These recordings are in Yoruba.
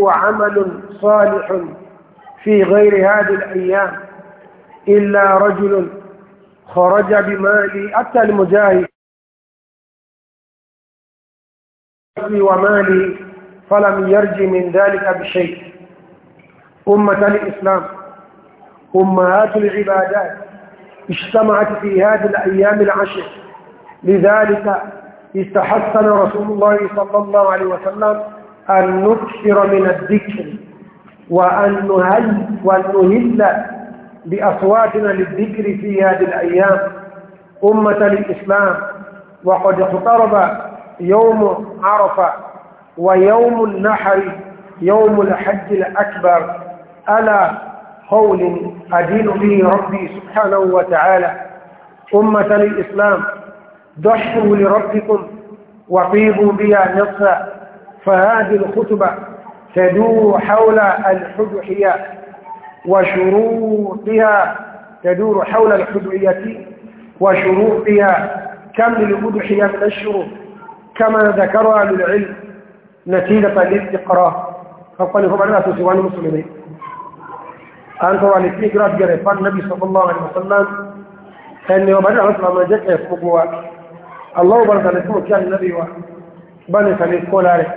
وعمل صالح في غير هذه الأيام إلا رجل خرج بمالي أتى المجاهد ومالي فلم يرج من ذلك بشيء أمة الإسلام أمهات العبادات اجتمعت في هذه الأيام العشر لذلك استحسن رسول الله صلى الله عليه وسلم أن نكثر من الذكر وأن نهل ونهل بأصواتنا للذكر في هذه الأيام أمة الإسلام وقد اقترب يوم عرفة ويوم النحر يوم الحج الأكبر ألا قول أدين به ربي سبحانه وتعالى أمة الإسلام ضحوا لربكم وطيبوا بها نفسا فهذه الخطبة تدور حول الحدحية وشروطها تدور حول الحدعية وشروطها كم للأضحية من الشروط كما ذكرها للعلم نتيجة للإقراء فقال لهم أنا سوى المسلمين أنت والتي قرأت جريفان النبي صلى الله عليه وسلم أن وبدأ رسل ما جاء يسبقوا الله برد لكم كان النبي بني سليم قول عليه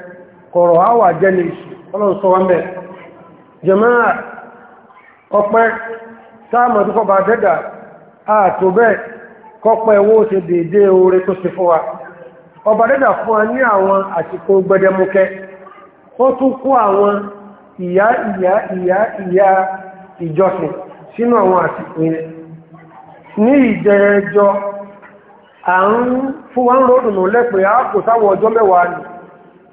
kọ̀rọ̀ àwà jẹ́lẹ̀ ọlọ́run sọ wọ́n bẹ̀ jẹ́máà ọpẹ́ sáàmọ̀ tó dẹ́dà ààtò bẹ́ẹ̀ kọpẹ́ owó ṣe dédé oore tó ṣe fún wa ọba dẹ́dà fún wa ní àwọn àsìkò gbẹdẹmukẹ ó tún kó àwọn ìyá ìyá ìyá ìyá ìjọsìn sínú àwọn àsìkò yẹn ní à ń fún wa ń lẹ́pẹ̀ẹ́ àpò sáwọn ọjọ́ mẹ́wàá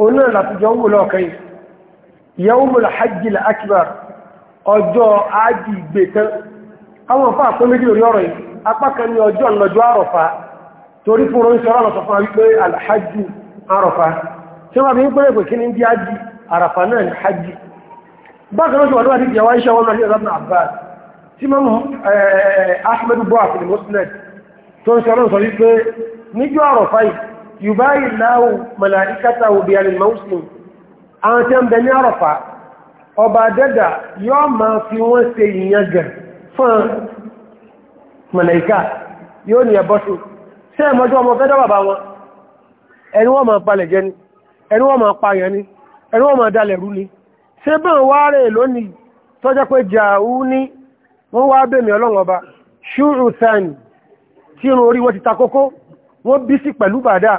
òun náà látijọ́ ń wò lọ́ọ̀kan yìí yawmul hajjil akbar ọjọ́ ájì ìgbètán àwọn ọ̀fà àpọ́ méjì lórí ọ̀rọ̀ yìí apá kan ní ọjọ́ lọ́jọ́ àrọ̀fà torí fún orin sọ́rọ̀ lọ́sọ̀ fún wípé alhajji àrọ̀fà tí wọ́n eh, bí ń pẹ́rẹ̀ pẹ̀ kí ní bí ájì àràfà náà ní sọ yùbáyì láwù màláìkátà òbí alìmọ́sùn àwọn tí ó ń bẹ ní àrọ̀fà ọba dẹ́dà yóò máa fi wọ́n ṣe ìyàngẹ̀ fún màláìká yóò ní ẹbọ́sùn ṣe ẹmọ́jú ọmọ fẹ́ dọ́bàbà wọn ẹni wọ́n máa palẹ̀ jẹ́ ni ẹni wọ́n máa pààyàn ni ẹni wọ́n máa dalẹ̀ rú ni bí sí pẹ̀lú bàdáà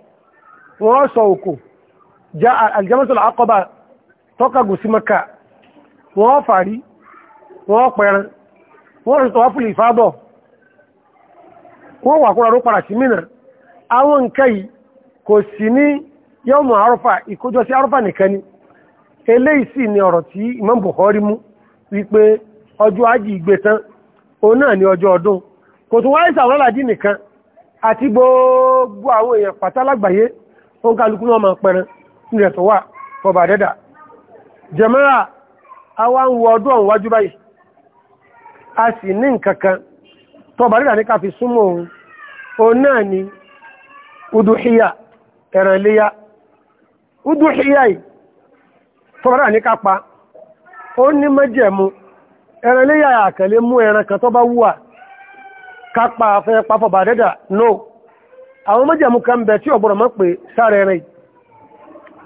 wọ́n sọ òkò já aljamatul akọba tọ́kàgù maka wọ́n fàrí wọ́n pẹ̀ran wọ́n rẹ̀ tọ́wọ́ fúlì ìfábọ̀ wọ́n wà kúrò rúpàrà sí mìíràn àwọn nǹkan yìí kò sí ní yọ́mù arọ́fà ìkójọ sí nìkan ni eléyìí ni ọ̀rọ̀ Imam Bukhari mú wipe ọjọ́ aji ìgbé tán òun ni ọjọ́ ọdún kò tún di nikan ati gbogbo ó kálukú náà máa pẹran nílẹ̀ tó wà fọba dẹ́dà jẹmọ́ra awá ń wọ ọdún ọ̀hún báyìí a sì ní nkankan tọba dẹ́dà ní fi súnmọ́ òun náà ni udùhíyà ẹ̀ràn iléyà udùhíyà yìí tọba dẹ́dà ní pa ó ní mẹ́jẹ̀mú ẹ̀ràn iléyà àkàlẹ́ mú ẹran kan tọba pa àwọn mẹ́jàmú kan bẹ̀ tí ọ̀gbọ̀rọ̀ mọ́ pé sáré rẹ̀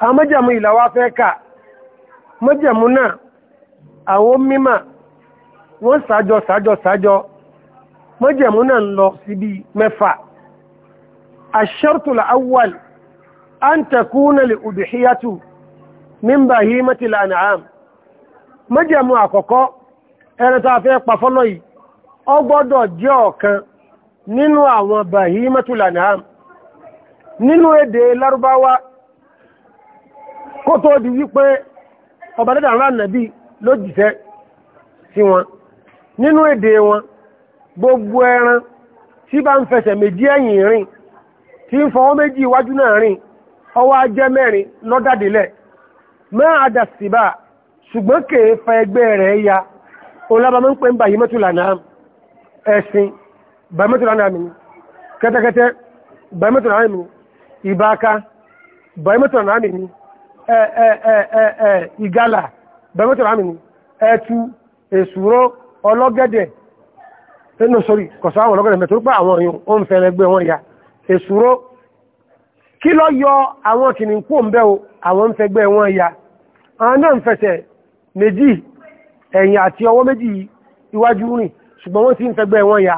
àwọn mẹ́jàmú ìlàwà fẹ́ kà mẹ́jàmú náà àwọn mímà wọ́n sájọ sájọ sájọ mẹ́jàmú náà ń lọ síbi mẹ́fà aṣẹ́rùtùlà awwal an takuna lè udhiyatu min bahimatil àkọ́kọ́ ẹran fẹ́ pa yìí ó jẹ́ ọ̀kan nínú àwọn bahimatul an'am nínú èdè lárúbáwá kó tó di wípé ọba dẹ́dà rán nàbí ló jìṣẹ́ sí wọn nínú èdè wọn gbogbo ẹran tí bá ń fẹsẹ̀ méjì ẹ̀yìn rìn tí ń fọwọ́ méjì iwájú náà rìn ọwọ́ ajẹ́ mẹ́rin lọ́dàdélẹ̀ ya olábàmọ́ ń pè ń bàyí ẹ̀sìn biometric hand mi kẹ́tẹ́kẹ́tẹ́ biometric hand mi ìbáka biometric hand mi ìgalà biometric hand mi ẹtu èsúró ọlọ́gẹ̀dẹ̀ nínú sórí kọ̀sọ́ àwọn ọlọ́gẹ̀dẹ̀ mẹ́tò pé àwọn èèyàn ó ń fẹ́rẹ̀ gbé wọn ya èsúró kí lọ yọ àwọn kìnnìkú ń bẹ́ o àwọn ń fẹ́ gbé wọn ya àwọn náà ń fẹsẹ̀ méjì ẹ̀yìn àti ọwọ́ méjì iwájú wọn ya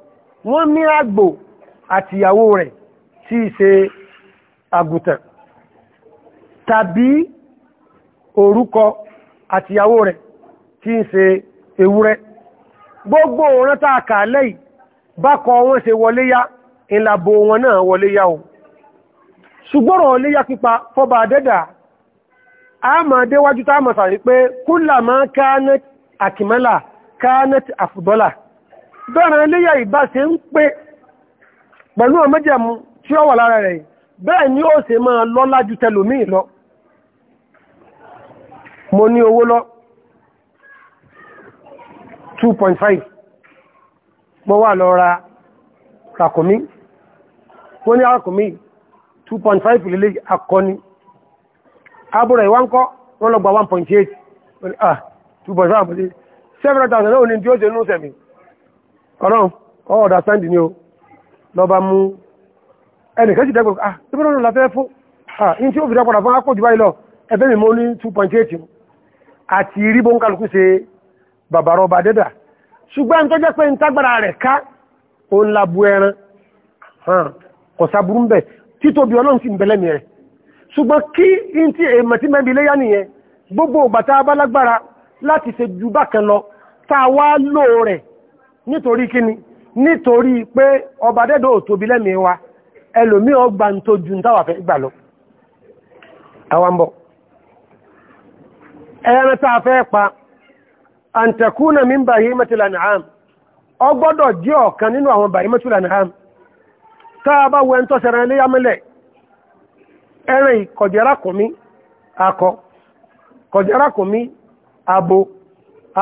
wọ́n ní àgbò àtìyàwó rẹ̀ tí í ṣe àgùtàn tàbí òrúkọ àtìyàwó rẹ̀ tí í ṣe ewúrẹ́ gbogbo òran tàà kàálẹ̀ yìí bákọ wọn ṣe wọlé yá ìlàbò wọn náà wọlé yá o ṣùgbọ́rọ̀ wọlé yá pípa fọba àdẹ́dà a máa déwájú tá a sàrí pé kúlà máa káánẹ́t àkìmọ́là káánẹ́t àfùdọ́là bẹ́ẹ̀rẹ̀ iléyà ìbá ṣe ń pé pẹ̀lú ọmọdéjẹ̀mú tí ó wà lára rẹ̀ bẹ́ẹ̀ ni ó ṣe máa lọ́lá ju tẹlòmíì lọ mo ní owó lọ 2.5 mo wà lọ ra ràkùnmí wọ́n ní ràkùnmí 2.5 lélé akọni abúrẹ̀ ìwáńkọ́ wọ́n lọ gba 1.8 ah 2.5 7,000 náà ní tí ó ṣe nú sẹ̀mí ọlọ́run ọ ọ̀dà sáǹdì ni o lọ́ba mú ẹnìkan sì dẹ́gbẹ̀ẹ́ ah tí bọ́lọ́run la fẹ́ fún ah in tí ó fi dápadà fún akọ́jú báyìí lọ ẹgbẹ́ mi mọ́ ní 2.8 àti ríbó ń kálukú ṣe bàbàrọ̀ ọba dẹ́dà ṣùgbọ́n tó jẹ́ pé ń tágbára rẹ̀ ká ó ah, ń labu ẹran kọ̀sá burú ń bẹ̀ títóbi ọlọ́run sì ń bẹ̀lẹ́ mi rẹ̀ láti ṣe ju bákan lọ tá wá lò rẹ̀ nítorí kíni nítorí pé ọba dẹ́dọ̀ òtòbí lẹ́mìí wa ẹlòmí ọgbà ń tó ju táwà fẹ́ gbà lọ ọgbọ́dọ̀ jẹ́ ọ̀kan nínú àwọn bahimatil an'am táà bá wẹ́n tó sẹ̀rẹ̀ ilé yámẹ́lẹ̀ ẹran ìkọ̀jẹ́rà kùnmí akọ abo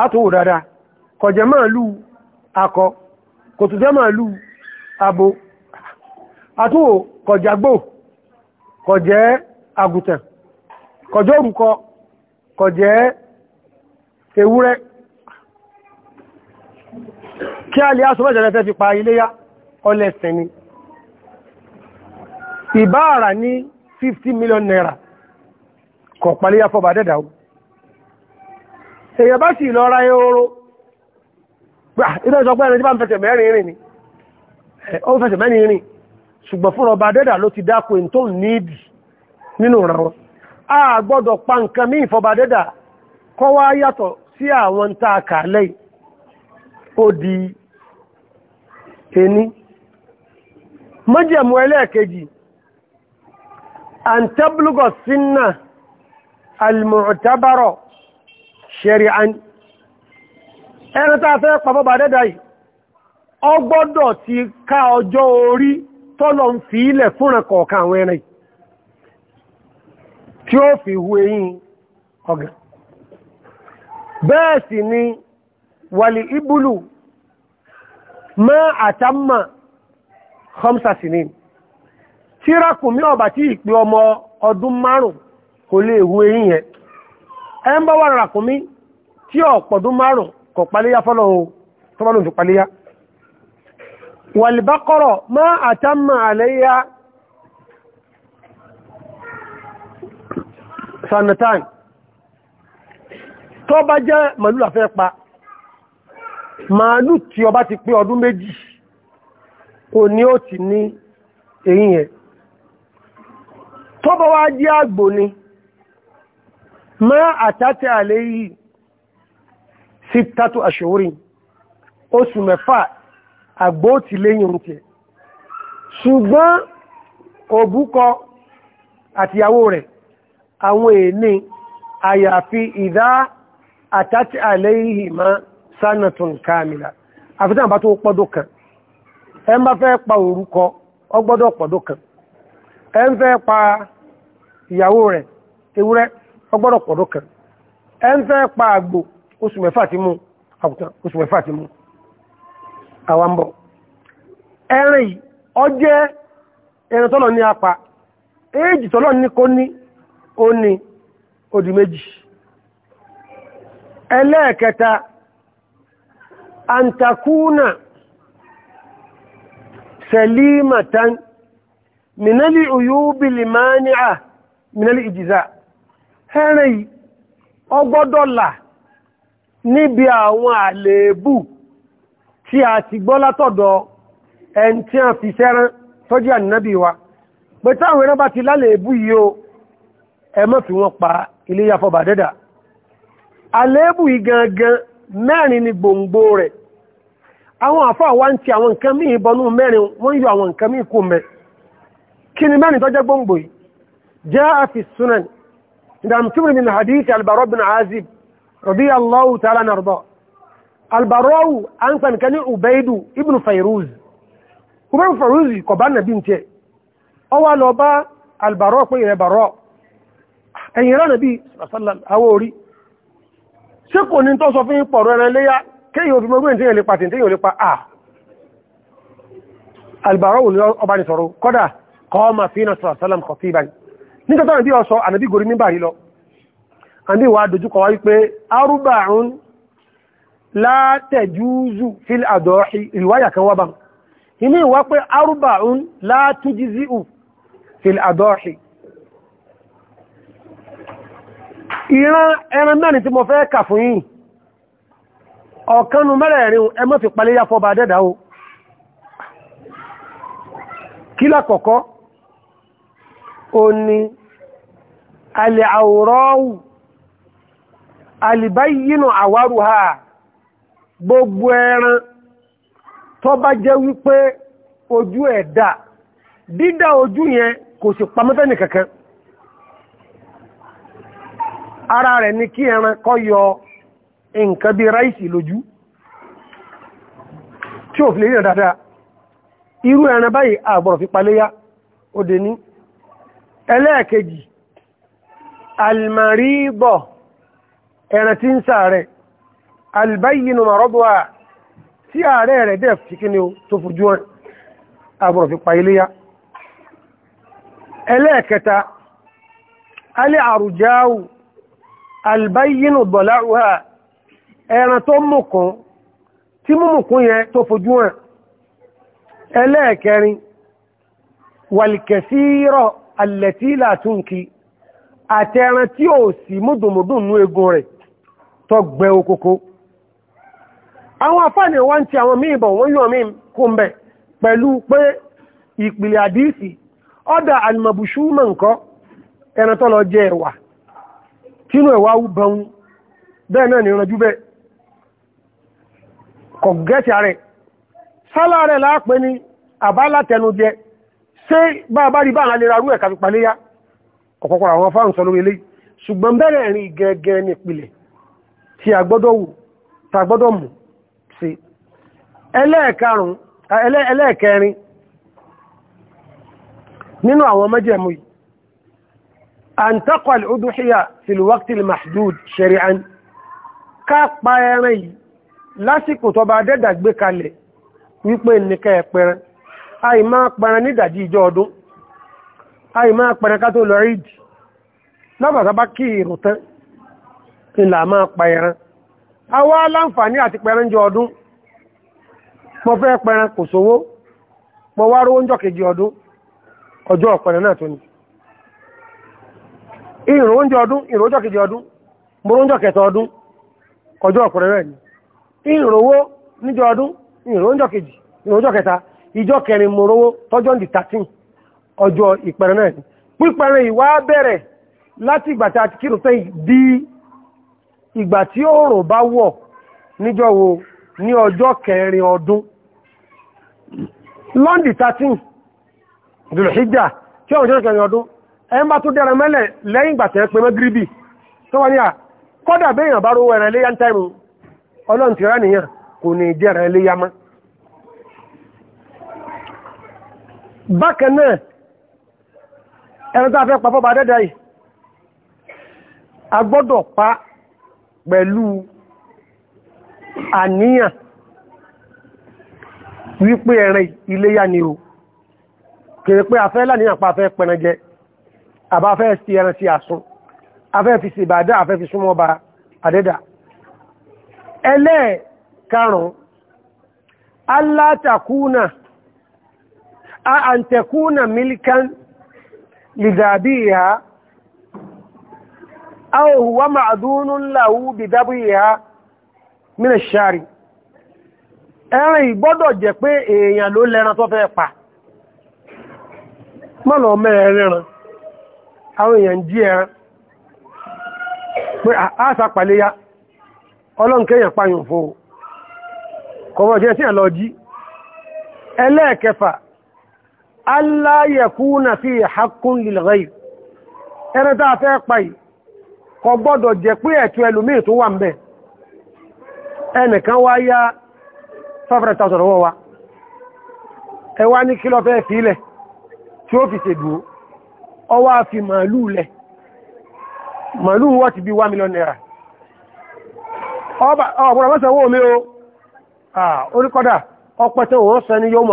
àtúwò dáadáa akọ kò tún jẹ́ màálù abo àtúwò kọjàgbò kọjẹ́ àgùtàn kọjọ́ òrùkọ kọjẹ́ ewúrẹ́ kí a lè aṣọ́bẹ̀jẹ̀lẹ́fẹ́ fi pa iléyá ọlẹ́sẹ̀ ni ìbáàrà ní 50 million naira kọ̀pàlẹ́yà fọ́bà dẹ́dàwó èyàn bá sì lọ ra ehoro ilé ìsọpẹ́ ah, ẹni tí bá ń fẹsẹ̀ mẹ́rin rìn ni ó fẹsẹ̀ mẹ́rin rìn ṣùgbọ́n fún ọba dẹ́dà ló ti dákò in tó nídì nínú ràn wọn a gbọ́dọ̀ pa nǹkan mí ìfọba dẹ́dà kọ́ wá yàtọ̀ ṣẹ̀rì ẹni tá fẹ́ ọ gbọdọ ti ká ọjọ́ orí tọ́lọ ń fi ilẹ̀ fúnra kọ̀ọ̀kan àwọn ẹran tí ó fi hu eyín ọ̀gàn bẹ́ẹ̀ sì ni wàlì ibùlù mọ́ àtàmà hamsa sinin tí tí ìpé ọmọ ọdún márùn kò lè hu yẹn ẹ ń bọ́ wà kọ̀ paléyá fọ́lọ̀ o tó bá lóun fi paléyá wàlìbákọ́rọ̀ má àtàmà àléyá sanatan tó bá jẹ́ màálù àfẹ́ pa màálù tí ó bá ti pé ọdún méjì kò ní ó ti ní èyìn ẹ̀ tó bá wá jẹ́ àgbò ni má àtàtà àléyìí sítátù àṣòrin osu mefa àgbó ti léyìn oúnjẹ ṣùgbọ́n òbúkọ àtìyàwó rẹ̀ àwọn èèní àyàfi ìdá àtàtì àlẹ́yìnmá sánàtún kàmìlà àfitàn bá tó pọ́dọ̀ kan ẹ ń bá fẹ́ pa òrúkọ ọgbọ́dọ̀ pọ́dọ̀ kan ẹ ń fẹ́ pa ìyàwó rẹ̀ ewúrẹ́ ọgbọ́dọ̀ pọ́dọ̀ kan ẹ ń fẹ́ pa àgbò oṣù mẹ́fà ti mú àkùtàn oṣù mẹ́fà ti mú àwambọ̀ ẹ̀rìn ọjẹ́ ẹ̀rìn tọ́lọ̀ ní apá éèjì tọ́lọ̀ ní kó ní ó ní odì méjì ẹlẹ́ẹ̀kẹta antakuna selimatan minali uyubi limani'a minali ijiza ẹ̀rìn ọgbọ́dọ̀lá níbi àwọn àlèébù tí a ti gbọ́ látọ̀dọ̀ ẹn tí a fi sẹ́rán tọ́jú ànínábì wa pé táwọn ẹran bá ti lálèébù yìí o ẹ má fi wọn pa ilé yàfọ́ bàdẹ́dà àlèébù yìí gangan mẹ́rin ni gbòǹgbò rẹ̀ àwọn àfáà wá ń ti àwọn nǹkan míì bọnú mẹ́rin wọ́n yọ àwọn nǹkan míì kú mẹ́ kí ni mẹ́rin tọ́jẹ́ gbòǹgbò yìí jẹ́ àfi sunan ìdàmtúmùrì min hadith al-Bara Azib رضي الله تعالى نرضى البراو أنسان كان عبيد ابن فيروز ابن فيروز قبان بنتي أول أبا البراو قوي البراو أن يرى نبي صلى الله عليه ṣe kò ní tó sọ fún pọ̀rọ̀ ẹran léyá kéyìn òfin mọ́gbọ́n tí yẹn lè pa tí yẹn lè pa àà albaro wùlọ ọba ní sọ̀rọ̀ kọ́dà kọ́ ma fi náà sọ̀rọ̀ sálàm kọ̀ sí ìbáyìí nígbàtà bí ọ sọ ànàbí gorí mímbà yìí lọ àbí ìwà dojúkọ wáyé pé arúbàrún látẹ̀júúzù fíl àdọ́ọ̀hì ìwáyà kan wábà inú ìwá pé arúbàrún látújízíù fíl àdọ́ọ̀hì ìran ẹran mẹ́rin tí mo fẹ́ kà fún yín ọ̀kanu mẹ́rẹ̀ẹ̀rin ẹ má fi paléyà fọba dẹ́dà o kí lákọ̀ọ́kọ́ o ni alẹ́ àwòrán àlìbáyínà àwárù ha gbogbo ẹran tó bá jẹ́ wípé ojú ẹ̀ dà dídá ojú yẹn kò sì pamọ́tẹ́nì kankan ara rẹ̀ ni kí ẹran kó yọ nǹkan bí ráìsì lójú tí ò fi lè rí dáadáa irú ẹran báyìí àgbọ̀rọ̀ fi paléyá ó dé ní ẹlẹ́ẹ̀kejì almaríbọ̀ ẹ̀rẹ̀ tí ń sàárẹ̀ albayinu marọ́bùwà tí ààrẹ rẹ̀ dẹ̀ fi kí ni tó fojú wọn àbúrọ̀ fi pa iléyá ẹlẹ́ẹ̀kẹta alẹ́ àrùjáwù albayinu bọ̀láwà ẹran tó mùkún tí múmùkún yẹn tó fojú wọn ẹlẹ́ẹ̀kẹrin wàlìkẹ̀sírọ̀ alẹ́tí látúnkì àtẹran tí ó sì múdùmùdùn nú egun rẹ̀ tọgbẹ okoko àwọn afáàni wọ́n ti àwọn míì bọ̀ wọ́n yíò míì kún bẹ̀ pẹ̀lú pé ìpìlẹ̀ àdíìsì ọ́dà alìmọ̀bùsù mọ̀ nǹkan ẹran tó lọ jẹ ẹ̀wà tínú ẹ̀wà bẹun bẹ́ẹ̀ náà ni ìrànjú bẹ́ẹ̀ kọ̀ gẹ́ẹ̀tì ààrẹ sálà rẹ̀ láàpẹ́ ni àbá látẹnujẹ rí gẹ́gẹ́ ní ìpìlẹ̀ tí a gbọ́dọ̀ wù ta gbọ́dọ̀ mú sí ẹlẹ́ẹ̀karùn ẹlẹ́ẹ̀kẹrin nínú àwọn mẹ́jẹ̀mú yìí an taqwa al-udhiya fi al-waqt al-mahdud shari'an ká pa ẹran yìí lásìkò tó bá dẹ́dà gbé kalẹ̀ wípé nìkẹ́ ẹ̀pẹ̀rẹ̀ àì máa pẹ̀rẹ̀ nídàjí ìjọ ọdún àì máa pẹ̀rẹ̀ ká tó lọ rídì lọ́bàtà bá kí ìrùtán ìlà máa pa ẹran a wá láǹfààní àti pẹran jọ ọdún mo fẹ́ pẹran kò sówó mo wá rówó jọ kejì ọdún ọjọ́ ọ̀pẹran náà tó ní ìròójọ ọdún ìròójọ ọdún ọjọ́ ọ̀pẹran ìjọ kẹrin tọ́jọ́ 13 ọjọ́ náà ìwá bẹ̀rẹ̀ láti àti kírùfẹ́ di ìgbà tí oòrùn bá wọ̀ níjọ́ wo ní ọjọ́ kẹrin ọdún lọ́ndì 13 dùlùhíjà tí ọ̀rùn kẹrin ọdún ẹn bá tó dẹ̀rẹ̀ mẹ́lẹ̀ lẹ́yìn ìgbà tẹ́ pé mẹ́gíríbì tó wọ́n ní à kọ́dà béèyàn bá rówó ẹ̀rẹ̀ tẹ́rù pẹ̀lú àníyàn wípé ẹ̀rẹ̀ iléyà ni o kèrè pé afẹ́ láníyàn pa afẹ́ pẹ̀rẹ̀jẹ àbáfẹ́ sí ẹran sí àsún afẹ́ fi sí ìbàdá afẹ́ fi súnmọ́ ọba àdẹ́dà ẹlẹ́ karùn-ún alátakúnà àǹtẹ̀kúnà mílíkán lìdàbí ìhà aw huwa ma'dunun lahu bi dabiha min ash ìgbọ́dọ̀ jẹ́ pé èèyàn ló lẹ́ran tó fẹ́ pa mọ́lọ̀ mẹ́rẹ̀ẹ́ran àwọn èèyàn jí ẹran pé àásà ọlọ́nkẹ́yàn pàyàn fò kọmọ̀ jẹ́ sí àlọ́ jí ẹlẹ́ẹ̀kẹfà alla yakuna fi haqqun lil a fẹ́ pa kọ gbọ́dọ̀ jẹ pé ẹ̀tù ẹlòmíì tó wà ń bẹ̀ ẹnìkan wá yá 500,000 owó wa ẹ wá ní kílọ̀ fẹ́ tí ó fi ṣègbò ọwá fi màálù lẹ̀ màálù wọ́n ti bí 1 million naira ọ̀pọ̀lọ̀ o oríkọ́dà ọpẹ́tẹ́ yóò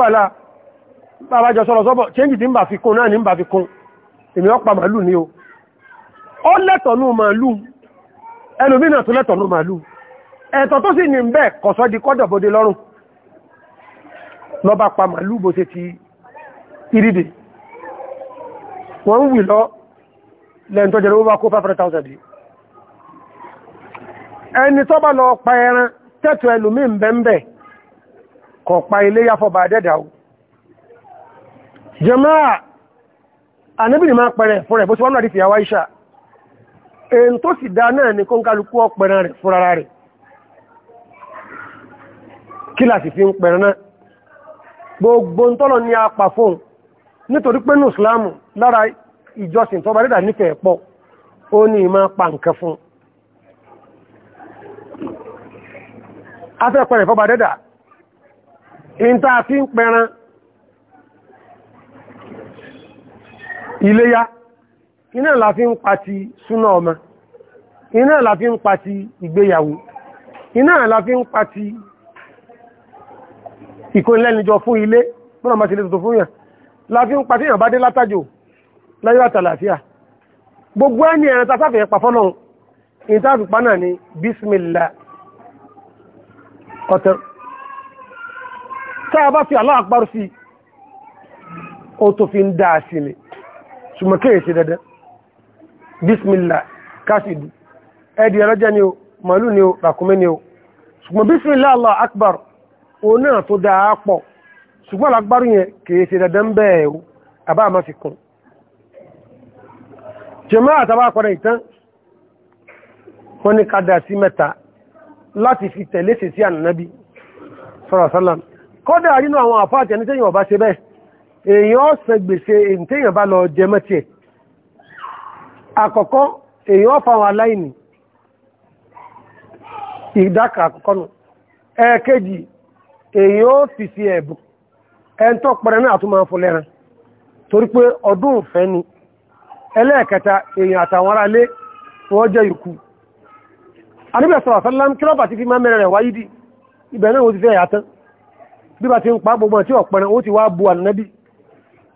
mọ̀ bàbá jọ sọ́rọ̀ sọ́bọ̀ change ti ń bà fi kún náà ní ń bà fi kún ọpa màálù ní o ó lẹ́tọ̀nú màálù ẹlòmínà tó lẹ́tọ̀nú màálù ẹ̀tọ̀ tó sì ní ń bẹ́ kọ̀sọ́ di kọ́dọ̀bọdé lọ́rùn lọ́bá pa màálù ti ìrìdè wọ́n lọ ó bá 500,000 pa jama'a anábì ni máa pẹ̀rẹ̀ fún rẹ̀ bó sí wọ́n náà rí fìyàwó Aisha èyí tó sì dá náà ní kọ́nkálukú ọpẹ̀rẹ̀ rẹ̀ fúnra rẹ̀ kí láti fi ń pẹ̀rẹ̀ náà gbogbo tọ́lọ ní apà fóun nítorí pé ní ìsìláàmù lára ìjọsìn tọba rídà nífẹ̀ẹ́ pọ̀ ó ní ìmá pa nǹkan fún afẹ́ pẹ̀rẹ̀ fọba dẹ́dà ìntà fi ń pẹ̀rẹ̀ iléyá iná la fi ń pa ti súná ọmọ iná la fi ń pa ti ìgbéyàwó iná la fi ń pa ti ìkónilẹ́nijọ fún ilé mọ́nà bá ti lè tuntun fún yàn la fi ń pa tí yàn bá dé látàjò láyé àtàlàáfíà gbogbo ẹni ẹ̀rẹ́ ta sáfẹ̀ẹ́ pa fọ́nà ìtàfipá náà ni bísmìlá ọ̀tẹ́ tá a bá fi aláàpárù sí o tó fi ń dáa sí ni ṣùgbọ́n kéè ṣe bismillah kásìdì ẹ̀dì ẹ̀rọ́jẹ́ ni o màálù ni o ràkúnmí ni o ṣùgbọ́n bismillah allah akbar o náà tó dáa pọ̀ ṣùgbọ́n alágbárù yẹn kéè ṣe dandan bẹ́ẹ̀ o àbá ma fi kún jẹmọ́ àtàbà padà ìtàn wọ́n ní kádà sí mẹ́ta láti fi tẹ̀lé nínú àwọn àfáàtẹ̀ ní tẹ́yìn ọba ṣe bẹ́ẹ̀ Eyi ọ̀sẹ̀ gbèsè èyàn bá lọ jẹ mẹ́tì ẹ̀ àkọ́kọ́ èèyàn ọ̀fàwọn aláìní ìdáka àkọ́kọ́ nù ẹ̀ẹ̀kejì èèyàn ó fi sí ẹ̀bù ẹn tó pẹ̀rẹ̀ náà tó máa fọlẹ́ran torí pé ọdún ìfẹ́ ni ẹlẹ́ẹ̀kẹta èèyàn àtàwọn ará wọ́n jẹ́ ìkú ti ti bí bá ti ń pa gbogbo ó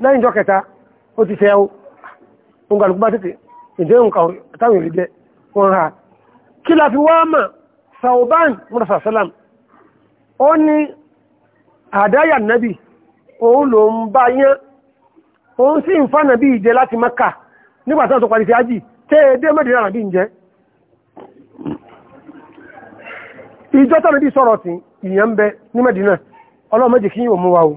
lẹ́yìn jọ kẹta ó ti fẹ́ ó ń gbà lùgbà tètè ìdé nǹkan táwọn èrè jẹ wọn ha kí la wá mà sauban murasa salam ó ní àdáyà nabi òun ló ń bá yán òun sì ń fa nabi ìjẹ láti maka nígbà tó parí sí ájì nabi ń jẹ nabi sọ̀rọ̀ sí ìyẹn ń bẹ ní mẹ́dìnà ọlọ́mọ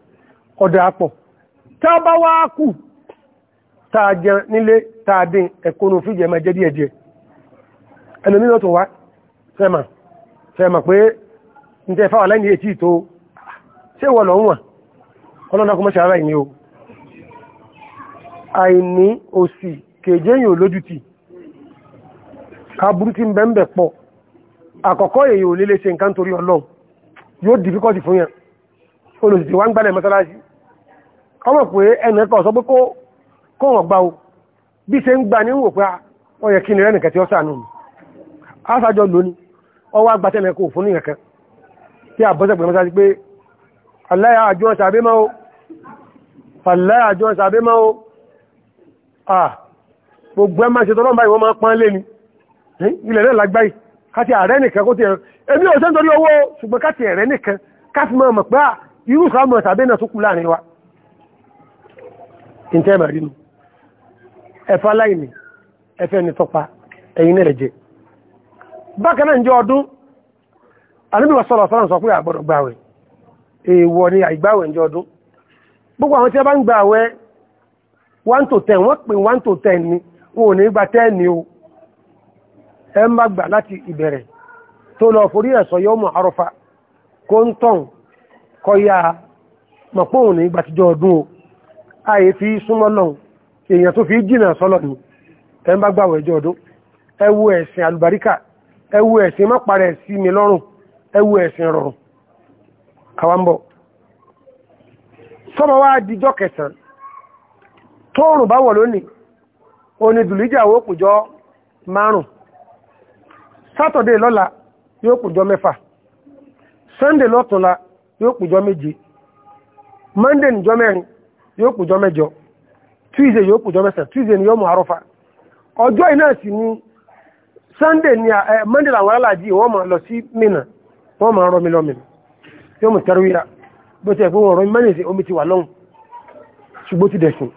ọ̀dàpọ̀ tábá wá kù tààjẹ nílé tààdín ẹ̀kọ́nù fíjẹ ma jẹ́ díẹ̀jẹ́ ẹlòmínà tó wá fẹ́mà fẹ́mà pé ní tẹ́ fáwà lẹ́yìn ètí tó ṣe lọ wọ́n ọlọ́dọ́kọ́ ìní o àìní òsì kèjéyìn olójútì ti pọ̀ àkọ́kọ́ èyí ò olùsìsì wá ń gbálẹ̀ mọ́sálásí ọmọ pé ẹnà kan sọ pé kó wọ́n gbá o bí ṣe ń gbá ní wò pé ó yẹ kí ni rẹ́ nìkẹ́ tí ó sànù mi aṣájọ lónìí ọwọ́ agbátẹ́mẹ̀ kò fún nìyẹn kan tí àbọ́sẹ̀gbẹ̀ mọ́sálásí pé aláyà àjọ ṣàbẹ́ mọ́ o fàláyà àjọ ṣàbẹ́ mọ́ o ah gbogbo ẹmà ṣe tọ́lọ́mbà ìwọ́n máa pán lé ní ilẹ̀ náà lágbáyì káti ààrẹ nìkan kó ti ẹ̀rọ èmi ò sẹ́ntorí owó ṣùgbọ́n káti ààrẹ nìkan káti máa mọ̀ pé irú ìsìlámù ẹ̀sàbẹ́ náà tó kú láàrin wa in tẹ́ màrínú ẹ̀fà aláìní ẹ̀fẹ́ ni tọpa ẹ̀yìn rẹ̀ jẹ bákanáà ń jẹ́ ọdún anúbíwà sọ́lọ̀ sọ́lọ̀ sọ pé àgbọ̀dọ̀ gbàwẹ̀ èèwọ̀ ni àìgbàwẹ̀ ń jẹ́ ọdún gbogbo àwọn tí a bá ń gbàwẹ̀ 1 to 10 wọ́n pè 1 to 10 ni wọn ò ní gba 10 ni o ẹ má gbà láti ìbẹ̀rẹ̀ tó lọ forí ẹ̀sọ̀ yọ́mù àrọ́fà kó kọ́yá mọ̀pọ̀hùn ní gbàtíjọ ọdún o ààyè fi súnmọ́ lọ́hùn èèyàn tó fi jìnà sọ́lọ̀ ní ẹ ń bá gbàwẹ̀ ẹjọ́ ọdún ẹ̀sìn àlùbáríkà ẹ ẹ̀sìn sí mi lọ́rùn ẹ̀sìn rọrùn àwa wá dijọ́ kẹsàn tóòrùn bá wọ̀ lónìí dùlíjà kùjọ márùn yóò pèjọ méje monday níjọ mẹ́rin yóò pèjọ mẹ́jọ tuesday yóò pèjọ mẹ́sàn tuesday ni yóò mú arọ́fà ọjọ́ iná si ni sunday ni eh, monday làwọn aláàjì wọ́n mọ̀ lọ sí mìnà wọ́n mọ̀ rọmi lọ́mìn yóò mọ̀ tẹ́rùwíra bó ti ẹ̀ mẹ́rin sí omi ti wà lọ́hùn ti dẹ̀sùn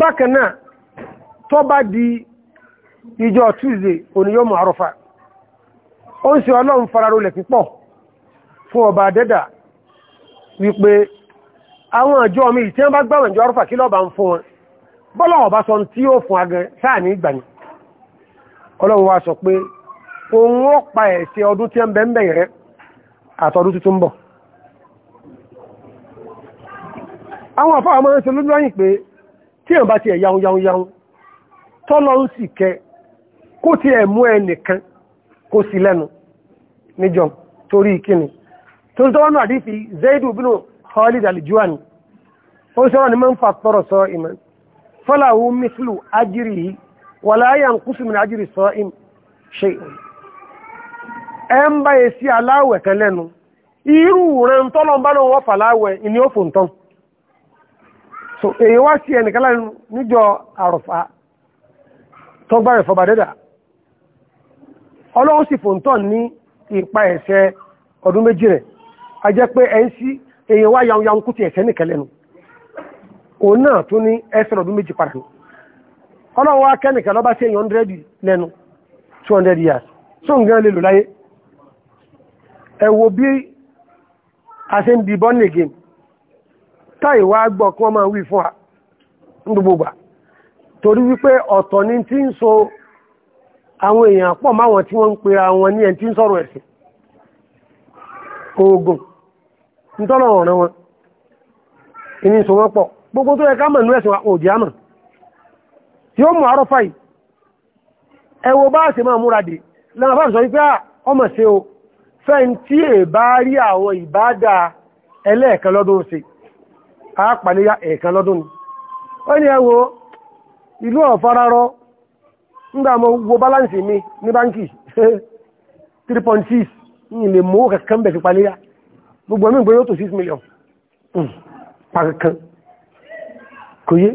bákan náà tó bá di ìjọ tuesday òní yóò ó ń ṣe ọlọ́run fararolẹ̀ pípọ̀ fún ọba dẹ́dà wípé àwọn ọjọ́ mi tí bá gbàwẹ̀ ìjọ arúfà kí lọ́ba ń fún wọn ọba sọ tí ó fún agẹ sáà ní ọlọ́run wa sọ pé òun ó pa ọdún tí ń bẹ rẹ àtọdún tuntun bọ̀ àwọn àfáà máa ń pé tí bá ti ẹ̀ tọ́lọ ń tó ń tọ́wọ́nù fi zaidu bínú khalid aljuwani ó sọ́rọ̀ ni máa ń sọ fọ́láwú ajiri yìí wà láyé à kúsù mi ajiri sọ ìm ṣe ẹ ń bá sí aláwẹ̀ irú rẹ̀ ń tọ́lọ̀ bá wọ́n fàláwẹ̀ ni ó fò tán so èyí wá sí ẹnìkan lẹ́nu níjọ àrùfà tó fọba dẹ́dà ọlọ́run sì fò tán ní ìpa ọdún méjì a jẹ́ pé ẹ̀ ń sí èèyàn wá yàwó yàwó kúti ẹ̀sẹ̀ nìkan lẹ́nu òun náà tó ní ẹsẹ̀ ọdún méjì padà ọlọ́wọ́ ọlọ́run wá kẹ́nìkan sí 100 lẹ́nu 200 years tó ń gan lè lò láyé ẹ wo bí a ṣe ń di born again táì wá gbọ́ kí wọ́n máa wí fún wa ń wípé ọ̀tọ̀ ni ń so àwọn èèyàn pọ̀ máwọn tí wọ́n ń ní ntọ́nà ọ̀ràn wọn gbogbo tó mọ̀ ní ah, tí ó fai múra wípé ọmọ se o rí ẹlẹ́ẹ̀kan lọ́dún àápàlẹ́yà ẹ̀ẹ̀kan lọ́dún ni ó ní ìlú ọ̀fararọ́ nígbà wo balance mi ní báńkì 3.6 ní ilè ń bẹ̀ fi gbogbo ẹ̀mí ìgbé yóò tó 6 million hmm. pàkankan kò yé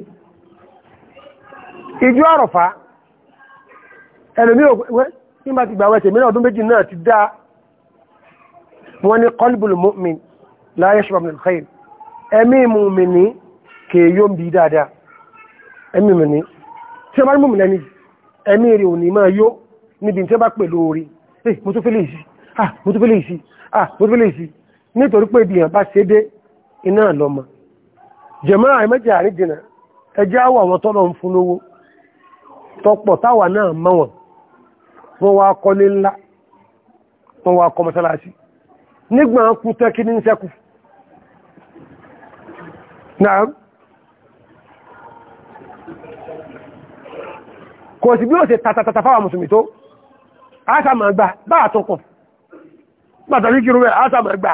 ìjọ àrọ̀fà ẹlòmí òwẹ́ nígbà ti gbà wẹ́sẹ̀ mìíràn ọdún méjì náà ti dá wọ́n ní qalbul mu'min la yashba min al-khayr ẹ̀mí mùmìnì kèèyó ń bí dáadáa ẹ̀mí mùmìnì tí a bá mùmìnì ẹni ẹ̀mí rí òní máa yó níbi eh, ah mo tó fẹ́lẹ̀ ìsí ah mo tó fẹ́lẹ̀ ìsí nítorí pé ibi ìyànbá ṣe dé iná lọ́mọ jẹ̀mọ́ àìmẹ́jẹ̀ àrídìnà ẹjẹ́ àwọ̀ àwọn tọ́lọ̀ ń fún lówó tọpọ̀ táwà náà mọ́ wọn wọ́n wá kọ́lé ńlá wọ́n wá kọ́ mọ́sálásí nígbà kú tẹ́kí ní sẹ́kù náà kò sí bàtàrí kìrò rẹ̀ áṣà máa gbà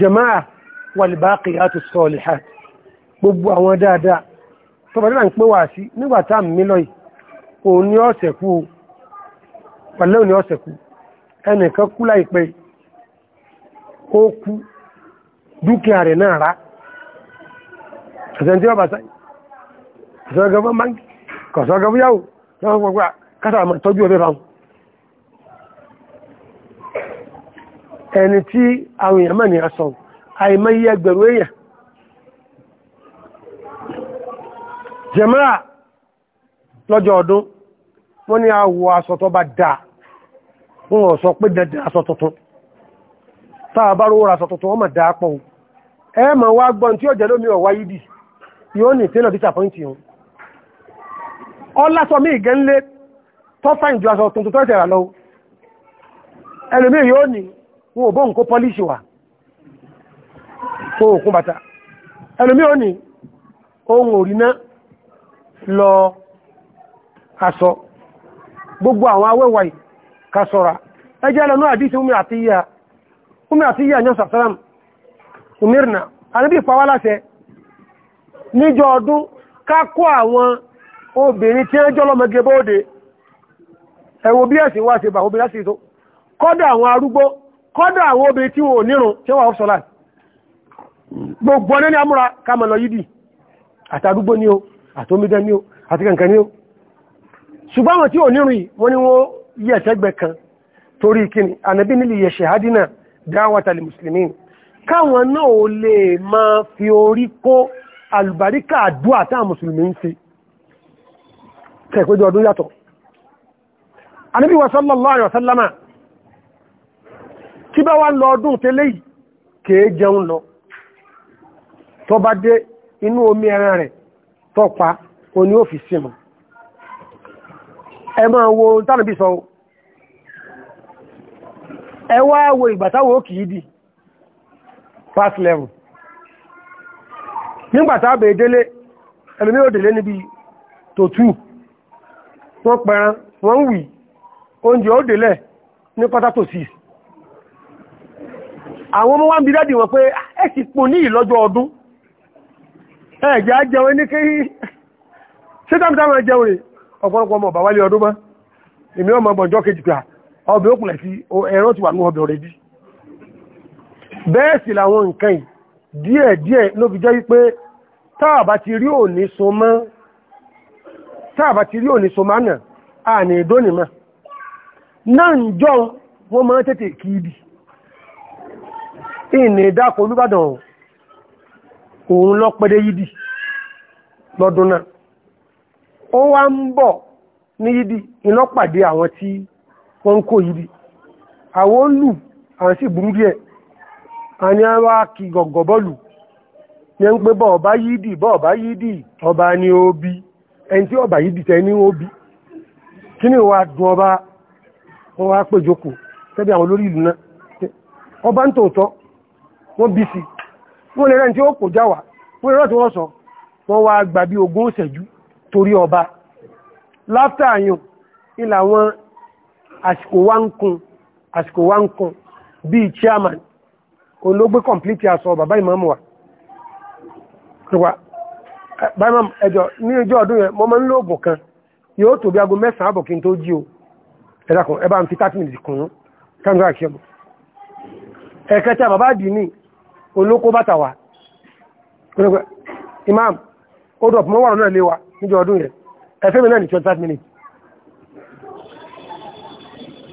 jama'a walibaki àti sọ̀lìhà gbogbo àwọn dáadáa tó bá dáadáa ń pé wà sí nígbàtá mílọ̀ òní ọ̀sẹ̀kú pẹ̀lẹ́ òní ọ̀sẹ̀kú ẹnìkan kú láìpẹ́ ó kú dúkìá rẹ̀ náà rá ṣẹ̀sẹ̀ntí ọba sáyé ṣọ́gọ́gọ́ báńkì kọ̀ṣọ́gọ́ ẹni tí àwọn èèyàn mẹ́rin aṣọ àìmọye ẹgbẹ̀rún èèyàn jẹ̀mọ́ra lọ́jọ́ ọdún wọ́n ni àwọ̀ aṣọ bá dáa wọ́n sọ pé dẹ̀dẹ̀ aṣọ táà bá rówó wọ́n pọ̀ wá gbọ́n tí ó jẹ́ lómi ọ̀wá yìí yóò ní tẹ́lọ̀ wọn bọ bọ́ nǹkó pọ́líṣì wà fún òkun ohun òrìná lọ asọ gbogbo àwọn awẹ́wà kásọ̀rà ẹjẹ́ lọ́nà àdísí omi àti àti yíya yán sàtàràm umirna anábí ìpawá láṣẹ níjọ ọdún kákó àwọn obìnrin tí ẹjọ́ lọ́mọgẹ kọ́dọ̀ àwọn arúgbó kọ́dọ̀ àwọn obìnrin tí wọ́n nírun tí wọ́n ọ́fṣọ́lá gbogbo ní amúra kàmà yìí àtàdúgbò ní o àtòmídẹ́ ní o àti kankan ní o ṣùgbọ́n tí ò nírun wọ́n ni wọ́n yí ẹ̀tẹ́gbẹ̀ kan torí kíni ànàbí nílì yẹ̀ ṣèhádínà dáwàtàlì mùsùlùmí káwọn náà ò lè máa fi orí kó àlùbáríkà àdúà táwọn mùsùlùmí ń ṣe tẹ̀pẹ́jọ ọdún yàtọ̀ ànàbí wa sallallahu alaihi wa sallama tí bá wá lọ ọdún tẹ́lẹ̀ yìí kèé jẹun lọ tó bá dé inú omi ẹran rẹ̀ tọ́pa oní òfìsí mọ̀ ẹ máa wo tánàbí sọ ẹ wá wo ìgbàtàwò ó kìí dì pass level nígbàtà bèé délé ẹlùmí ò délé níbi tòtú wọ́n pẹran wọ́n wì oúnjẹ ó délẹ̀ ní pátátò àwọn ọmọ wá ń bí dádì wọn pé ah, ẹ ti pò ní ìlọ́jọ́ ọdún ẹ̀jẹ́ ajẹun ní kí ṣe dámítàmà jẹun rẹ̀ ọ̀pọ̀lọpọ̀ ọmọ ọ̀bàwálé ọdún mọ́ èmi ọmọ ọgbọ̀njọ́ kejì pé ah, ọbẹ̀ òkùnlẹ̀ sí ẹ̀rọ ti wà ní ọbẹ̀ rẹ̀ dí bẹ́ẹ̀ sì làwọn nǹkan yìí díẹ̀ díẹ̀ ló fi jẹ́ wípé táàbà ti rí òní ìní ìdákọ̀ Olúbàdàn òun lọ pẹ́dẹ́ yídì lọ́dún náà ó wá ń bọ̀ ní yídì iná pàdé àwọn tí wọ́n ń kó yídì àwọn olù àwọn sì burú díẹ̀ àní àwọn akì gọ̀gọ̀ bọ́ọ̀lù ń pé bọ́ọ̀bá bọ́ọ̀bá ọba ni ó bí ọba yídì tẹ́ ó bí kí ọba wọ́n wá pèjókòó tẹ́bí àwọn ọba ń tòótọ́ wọ́n bí sí wọ́n lè rẹ̀ tí ó kò jáwà wọ́n lè rọ́ tí wọ́n sọ wọ́n wá gbà bí ogún ìṣẹ́jú torí ọba láftà yùn ilà wọn àsìkò wá ń kun àsìkò wá ń kun bíi chairman olóògbé complete aṣọ bàbá ìmọ̀ọ́mù wa bàbá ẹjọ́ ní ọjọ́ ọdún yẹn mọ́ mọ́ ń lóògùn kan yóò tó bí aago mẹ́sàn-án àbọ̀ kí n tó jí o ẹ̀dàkùn ẹ bá ń fi 30 minutes kùn ún káńgá àkíyàmù ẹ̀kẹta bàbá dì ní olóko bàtà wa imam ó dọ̀ mọ́ wàrọ̀ náà lé wa níjọ ọdún yẹn ẹ̀fẹ́ mi náà ní 25 minutes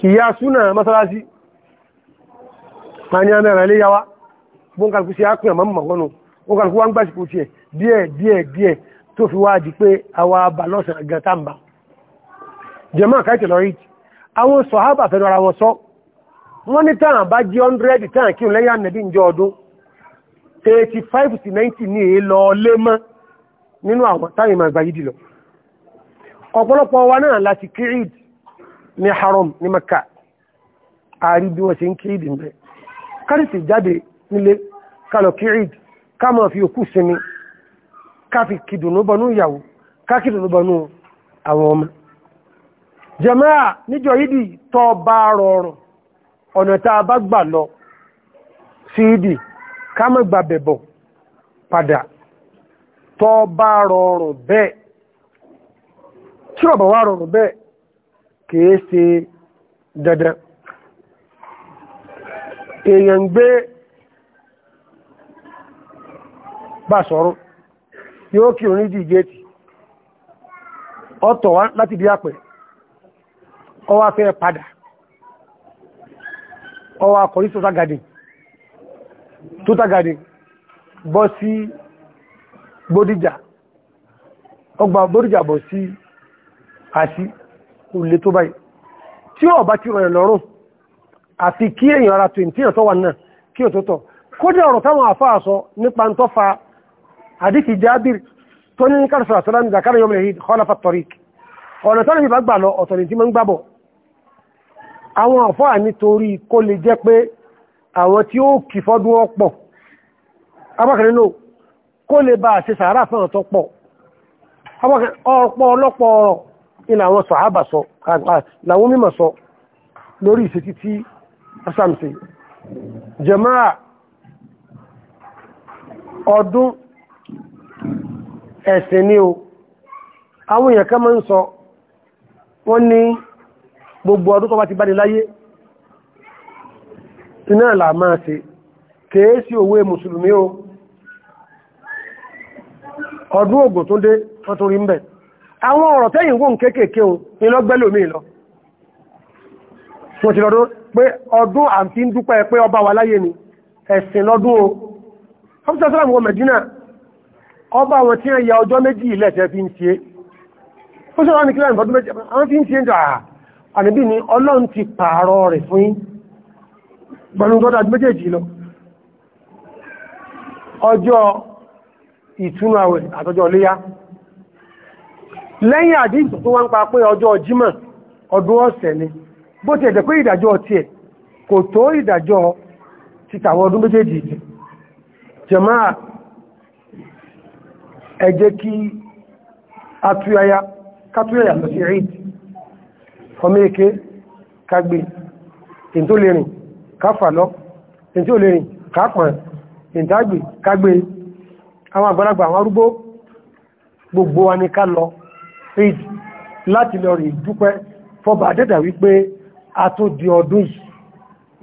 ìyá súnà mọ́sálásí ma ní àmẹ́rẹ̀ ilé yáwá bóńkàlùkù sí ápùn àmọ́ mọ̀ wọnù ń gbàṣìkò tiẹ̀ díẹ̀ díẹ̀ díẹ̀ di pé àwa bà lọ́sàn àgàn tàǹbà jẹ́mọ́ àkáìtì lọ rí àwọn sọ̀hábà fẹ́nu ara wọn sọ wọ́n ní tàn bá jí 100 tàn kí n lẹ́yìn ànẹ́bí ìjọ ọdún eighty five sí ninety ní èlò e ọlé mọ́ nínú àwọn táyì máa gbayí dìlọ ọ̀pọ̀lọpọ̀ wa náà láti kíríd ní haram ní maka ààrí bí wọ́n ṣe ń kíríd ń bẹ́ kárìtì jáde nílé kálọ̀ ká fi òkú sinmi ká fi kìdùnú bọnú ìyàwó ká kìdùnú bọnú àwọn ọmọ níjọ tọ́ lọ sí kámọ́ gbàbẹ̀ bọ̀ padà tọ́ bá rọrùn bẹ́ẹ̀ tí ọ̀bọ̀ wá rọrùn bẹ́ẹ̀ kìí ṣe dandan èèyàn ń gbé bá sọ̀rọ̀ yóò kí òní dì géètì ọ̀tọ̀ wá láti bí àpẹ̀ ọwá fẹ́ padà ọwá kọ̀rí sọ́sá gàdìn Tuta Garden bọ́ sí Bódìjà ọgbà Bódìjà bọ́ sí àṣí olè tó báyìí tí ó bá ti rọrẹ̀ lọ́rùn àti kí èyàn ara 20 ọ̀tọ́ wà náà kí ò tó tọ̀ kódé ọ̀rọ̀ táwọn àfáà nípa tó fa àdíkì jábìrì tó ní kàrìsọ̀ zakari yọmọ èyí kọ́láfà tọ́rík ọ̀nà tọ́lá ìbá gbà lọ ọ̀tọ̀ ní tí mọ́ ń gbàbọ̀ àwọn tí ó kì fọ́dún ọpọ̀ abákanínú kó lè bá àṣẹ sàárà fẹ́ràn tó pọ̀ ọpọ̀ ọlọ́pọ̀ ilẹ̀ àwọn sọ̀hábà sọ làwọn mímọ̀ sọ lórí ìṣẹ́ títí asamsi jẹmáà ọdún ẹ̀sìn ni o àwọn èèyàn kan máa ń sọ wọ́n ní gbogbo ọdún tó bá ti bá ní láyé iná la máa ṣe kèé òwe mùsùlùmí o ọdún ògùn tó dé wọ́n ń bẹ̀ àwọn ọ̀rọ̀ tẹ́yìn wọ́n kéèkéèké o ìlọ́gbẹ́lòmí lọ wọ́n ti lọ́dún pé ọdún àti ń dúpẹ́ pé ọba wà láyé ni ẹ̀sìn lọ́dún o ọ́pùsà sọ́lá pẹ̀lú gọ́dá méjèèjì lọ ọjọ́ ìtúnú àwẹ̀ àtọjọ́ léyá lẹ́yìn àdíjù tó wọ́n pa pé ọjọ́ jímọ̀ ọdún ọ̀sẹ̀ ni bó ti ẹ̀dẹ̀ pé ìdàjọ́ ti ẹ̀ kò tó ìdàjọ́ títàwọn ọdún méjèèjì káfà lọ tí ó lè rìn kápọ̀n ìdágbè kágbé àwọn àgbàlagbà àwọn arúgbó gbogbo wa ní ká lọ eid láti lọ rí dúpẹ́ fọba àdẹ́dà wípé a tó di ọdún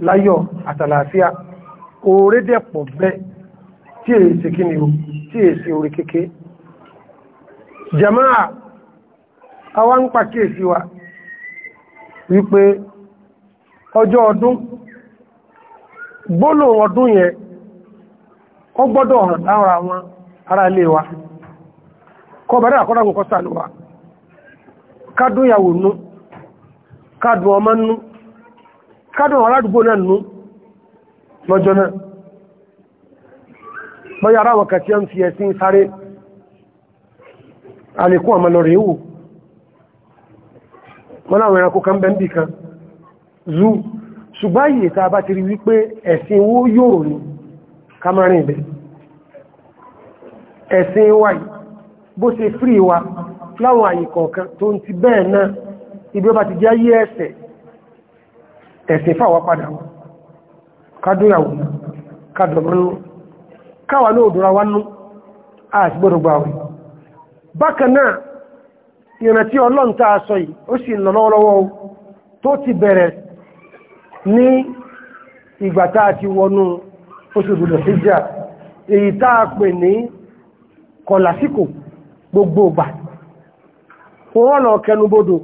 láyọ̀ àtàlàáfíà oore dẹ̀pọ̀ bẹ́ tí èyí kí ni o tí èyí sí orí kéèké jama'a àwọn ń pàkíyèsí wa wípé ọjọ́ ọdún gbólò ọdún yẹn ó gbọ́dọ̀ hàn lára wọn ara ilé wa kọ bẹ̀rẹ̀ àkọ́dàgùn kọ́ sàlúwà kádùn ìyàwó nú kádùn ọmọ nú kádùn aládùgbò náà nú lọ́jọ́ náà bọ́yá ara wọn kàtí ń fi ẹ̀sìn sáré àlékún ọmọ lọ rèéwò wọ́n ṣùgbọ́n yìí ta bá ti rí wípé ẹ̀sìn owó yóò ní kamarin ibẹ̀ ẹ̀sìn wa yìí bó ṣe fírí wa láwọn àyè kọ̀ọ̀kan tó ń ti bẹ́ẹ̀ náà ibi ó ti jẹ́ ẹ̀sìn padà wọn kádúyàwó kádọ̀mọ́nú ní ìgbà tá a ti wọnú oṣù sí jà èyí tá pè ní kọlàsíkò gbogbo ìgbà òrànà kẹnubodò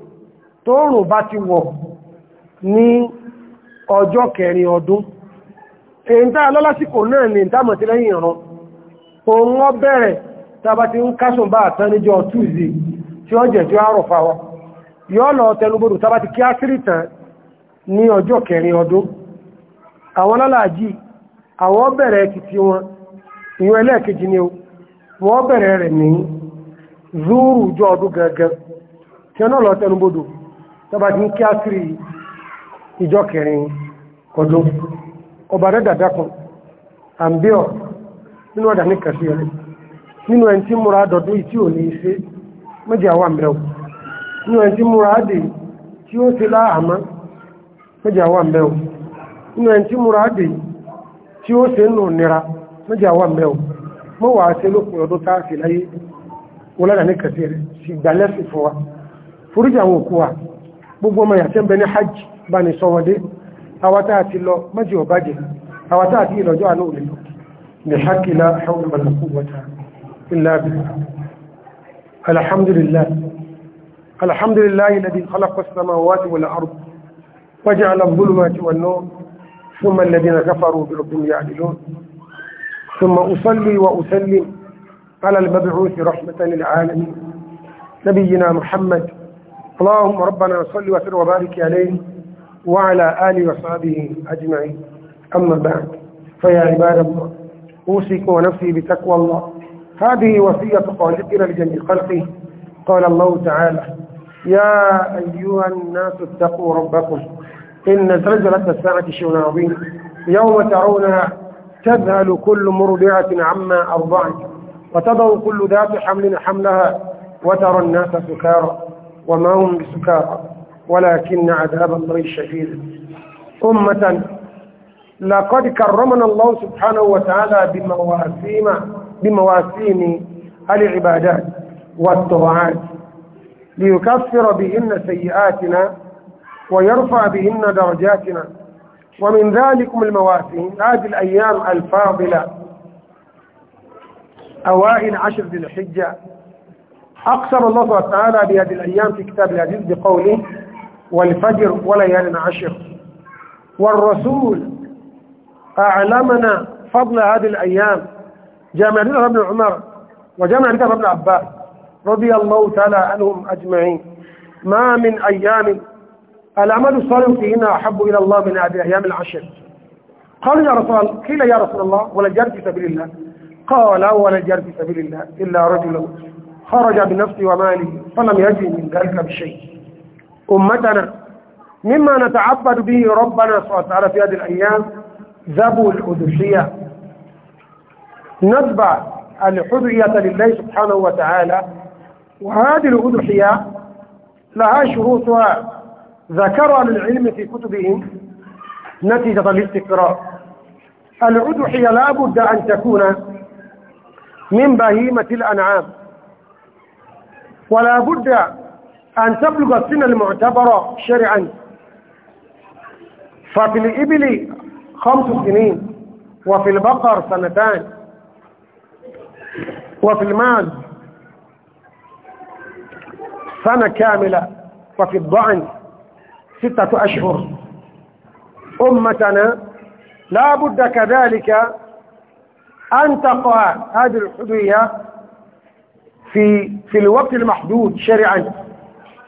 tó bá ti wọ ní ọjọ́ kẹrin ọdún èyí tá a náà ní ìdámọ̀ ìran òun ti ń kásùn bá àtán níjọ tí ó tí ó yọ́ lọ tẹnubodò tàbá ti kí á ní ọjọ́ kẹrin ọdún àwọn alálàájì àwọn bẹ̀rẹ̀ ẹkìtì wọn ìyún ẹlẹ́ẹ̀kejì ni wọ́n bẹ̀rẹ̀ rẹ̀ ní zúúrù ìjọ ọdún gangan tí ọ náà lọ tẹnubodò tọba ti ń kí ìjọ kẹrin ọdún ọba rẹ̀ dàdá kan àmbíọ̀ nínú ọ̀dà ní nínú méjì àwọn àmì o inú ẹni tí múra dè tí ó ṣe nù nira méjì àwọn àmì o mọ́ wàá ṣe lópin ọdún tá a sì láyé wọn lára ní kẹsì rẹ̀ sì gbà lẹ́sìn fún wa foríjì àwọn òkú wa gbogbo ọmọ yàtẹ́ bẹ ní hajj bá ní sọwọ́dé لا حول ولا قوة إلا بالله الحمد لله الحمد لله الذي خلق السماوات والأرض وجعل الظلمات والنور ثم الذين كفروا بربهم يعدلون ثم أصلي وأسلم على المبعوث رحمة للعالمين نبينا محمد اللهم ربنا صل وسلم وبارك عليه وعلى آله وصحبه أجمعين أما بعد فيا عباد الله أوصيكم ونفسي بتقوى الله هذه وصية خالقنا لجميع خلقه قال الله تعالى يا أيها الناس اتقوا ربكم إن زلزلة الساعة شيء عظيم يوم ترونها تذهل كل مرضعة عما أرضعت وتضع كل ذات حمل حملها وترى الناس سكارى وما هم بسكارى ولكن عذاب الله شديد أمة لقد كرمنا الله سبحانه وتعالى بمواسيم بمواسيم العبادات والطاعات ليكفر بهن سيئاتنا ويرفع بهن درجاتنا ومن ذلكم المواسم هذه الأيام الفاضلة أوائل عشر ذي الحجة أقسم الله تعالى بهذه الأيام في كتاب العزيز بقوله والفجر وليال عشر والرسول أعلمنا فضل هذه الأيام جامع لله ابن عمر وجامع لله ابن عباس رضي الله تعالى عنهم أجمعين ما من أيام الأعمال الصالح فيهن أحب إلى الله من هذه الأيام العشر قالوا يا رسول الله قيل يا رسول الله ولا جار في سبيل الله قال ولا جار في سبيل الله إلا رجل خرج بنفسه وماله فلم يجد من ذلك بشيء أمتنا مما نتعبد به ربنا سبحانه وتعالى في هذه الأيام ذبوا الأدسية نتبع الحذية لله سبحانه وتعالى وهذه الأدحية لها شروطها ذكر العلم في كتبهم نتيجة الاستقراء الأضحية لا بد أن تكون من بهيمة الأنعام ولا بد أن تبلغ السن المعتبرة شرعا ففي الإبل خمس سنين وفي البقر سنتان وفي المال سنة كاملة وفي الضعن ستة أشهر أمتنا لا بد كذلك أن تقع هذه الحدية في في الوقت المحدود شرعا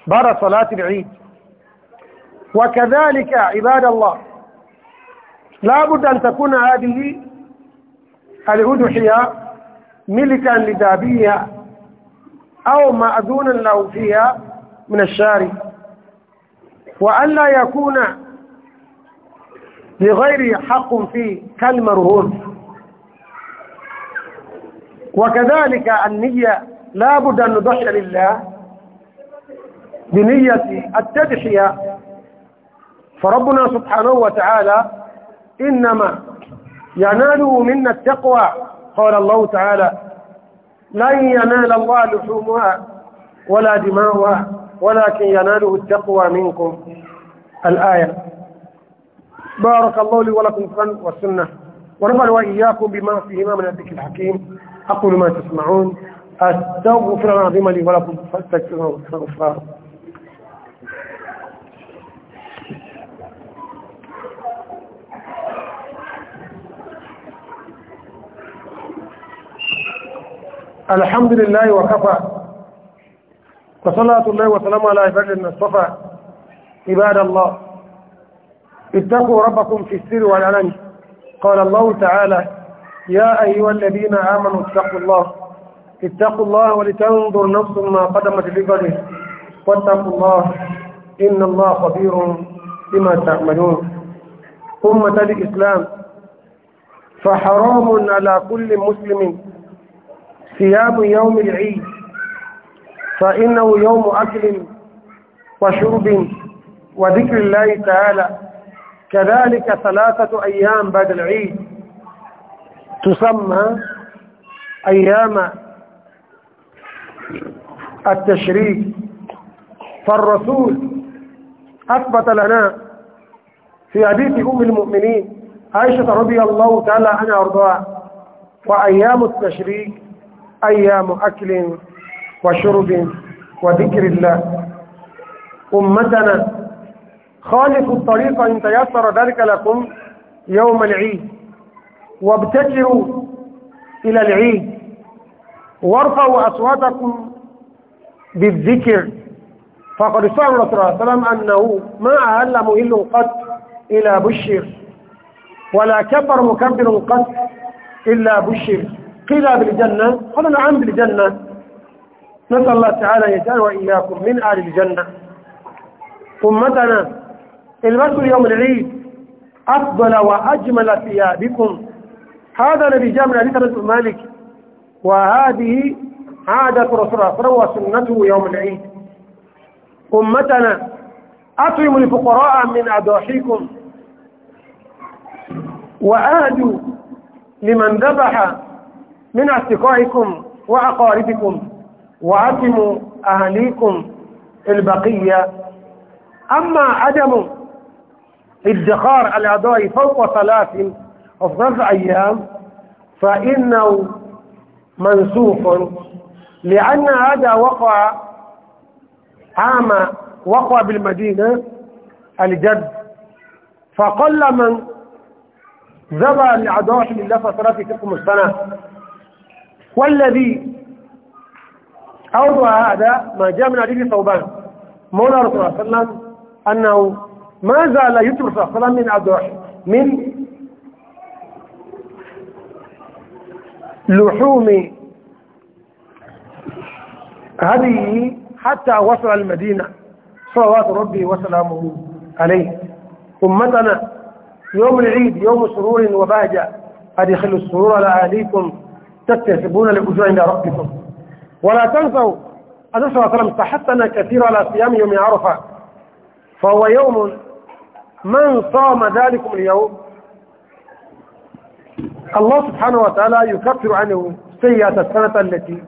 بعد صلاة العيد وكذلك عباد الله لا بد أن تكون هذه الأضحية ملكا لذابيها أو مأذونا له فيها من الشارع وألا يكون لغير حق فيه كالمرهون وكذلك النية لا بد أن نضحي لله بنية التدحية فربنا سبحانه وتعالى إنما يناله منا التقوى قال الله تعالى لن ينال الله لحومها ولا دماؤها ولكن يناله التقوى منكم الآية بارك الله لي ولكم فن والسنة ونفعل وإياكم بما فيهما من الذكر الحكيم أقول ما تسمعون أستغفر العظيم لي ولكم فاستغفروه استغفاره الحمد لله وكفى فصلاة الله وسلامه على عباد المصطفى عباد الله اتقوا ربكم في السر والعلن قال الله تعالى يا أيها الذين آمنوا اتقوا الله اتقوا الله ولتنظر نفس ما قدمت لقده واتقوا الله إن الله خبير بما تعملون أمة الإسلام فحرام على كل مسلم صيام يوم العيد فإنه يوم أكل وشرب وذكر الله تعالى كذلك ثلاثة أيام بعد العيد تسمى أيام التشريك فالرسول أثبت لنا في حديث أم المؤمنين عائشة رضي الله تعالى عنها وأرضاها وأيام التشريك أيام أكل وشرب وذكر الله أمتنا خالفوا الطريق إن تيسر ذلك لكم يوم العيد وابتكروا إلى العيد وارفعوا أصواتكم بالذكر فقد سأل الله صلى الله عليه وسلم أنه ما أهل مهل قد إلى بشر ولا كبر مكبر قد إلا بشر قيل بالجنة قلنا نعم بالجنة نسأل الله تعالى يجعل وإياكم من أهل الجنة أمتنا البسوا يوم العيد أفضل وأجمل ثيابكم هذا الذي جاء من حديث رسول مالك وهذه عادة رسول الله وسنته يوم العيد أمتنا أطعموا الفقراء من أضاحيكم وأهدوا لمن ذبح من أصدقائكم وأقاربكم وعتموا أهليكم البقية أما عدم ادخار الأداء فوق ثلاث أو ثلاث أيام فإنه منسوخ لأن هذا وقع عام وقع بالمدينة الجد فقل من ذبى الأداء لله فترة تلكم السنة والذي أوضع هذا ما جاء من حديث ثوبان مولى رسول الله صلى الله عليه وسلم أنه ما زال يتبع صلى الله عليه من عبد من لحوم هذه حتى وصل المدينة صلوات ربي وسلامه عليه أمتنا يوم العيد يوم سرور وباجة أدخلوا السرور على أهليكم تكتسبون الأجر عند ربكم ولا تنسوا النبي صلى الله عليه وسلم تحتنا كثير على صيام يوم عرفة فهو يوم من صام ذلكم اليوم الله سبحانه وتعالى يكفر عنه سيئة السنة التي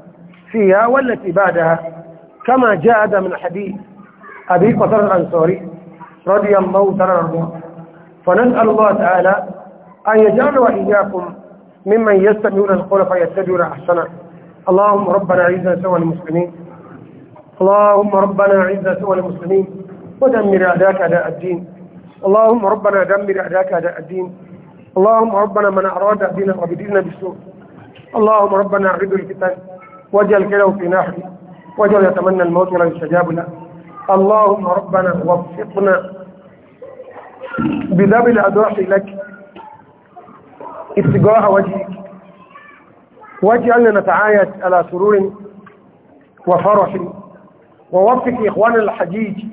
فيها والتي بعدها كما جاء هذا من حديث أبي قصر الأنصاري رضي الله تعالى عنه فنسأل الله تعالى أن يجعل وإياكم ممن يستمعون القول فيتبعون أحسنه اللهم ربنا اعز سوى المسلمين اللهم ربنا اعز سوى المسلمين ودمر اعداءك اعداء الدين اللهم ربنا دمر اعداءك اعداء الدين اللهم ربنا من اراد بنا وبديننا بالسوء اللهم ربنا اعرض الفتن واجعل كله في نحره واجعل يتمنى الموت ولا يستجاب له اللهم ربنا وفقنا بذاب الادواح لك ابتغاء وجهك واجعلنا نتعايش على سرور وفرح ووفق إخوان الحجيج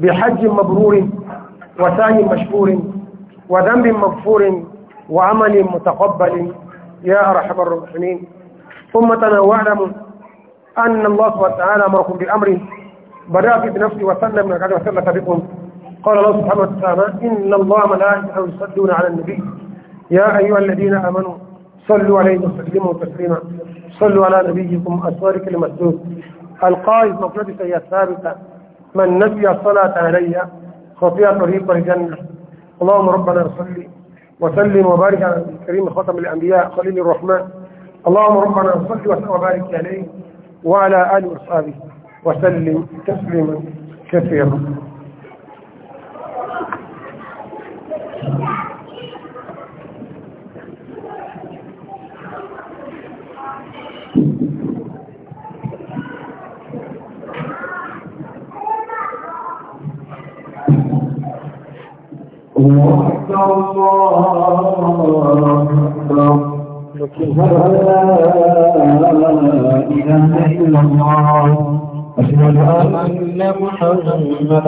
بحج مبرور وسعي مشكور وذنب مغفور وعمل متقبل يا أرحم الراحمين ثم تنوعلم أن الله سبحانه وتعالى أمركم بالأمر بدأ في نفسي وسلم وقد وسلم بكم قال الله سبحانه وتعالى إن الله ملائكة يصدون على النبي يا أيها الذين آمنوا صلوا عليه وسلموا تسليما صلوا على نبيكم أسوارك المسدود القائد مفرد هي الثابتة من نسي الصلاة علي خطيئة طريق الجنة اللهم ربنا صلي وسلم وبارك على الكريم خاتم الأنبياء خليل الرحمن اللهم ربنا صل وسلم وبارك عليه وعلى آله وصحبه وسلم تسليما كثيرا أشهد أن محمدا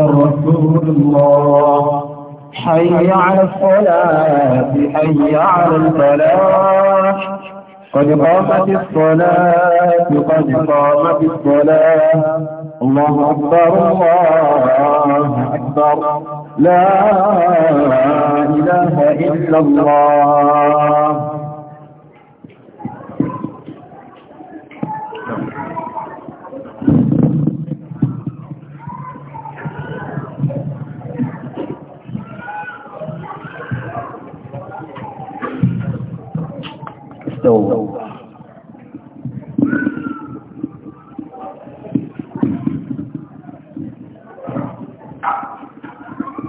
رسول الله حي على الصلاة حي على الفلاح قد قامت الصلاة قد قامت الصلاة الله أكبر الله أكبر لا إله إلا الله استووا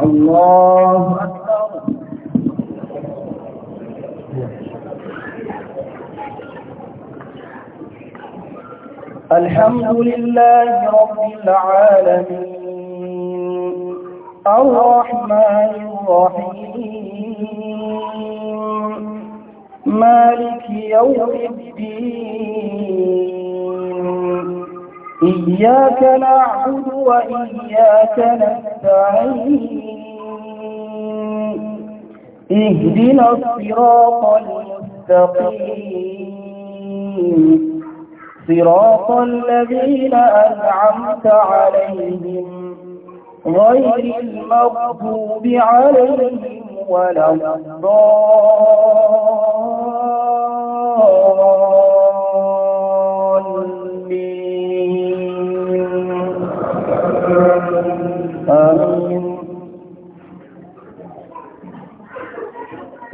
الله أكبر الحمد لله رب العالمين الرحمن الرحيم مالك يوم الدين إياك نعبد وإياك نستعين اهدنا الصراط المستقيم صراط الذين أنعمت عليهم غير المغضوب عليهم ولا الضالين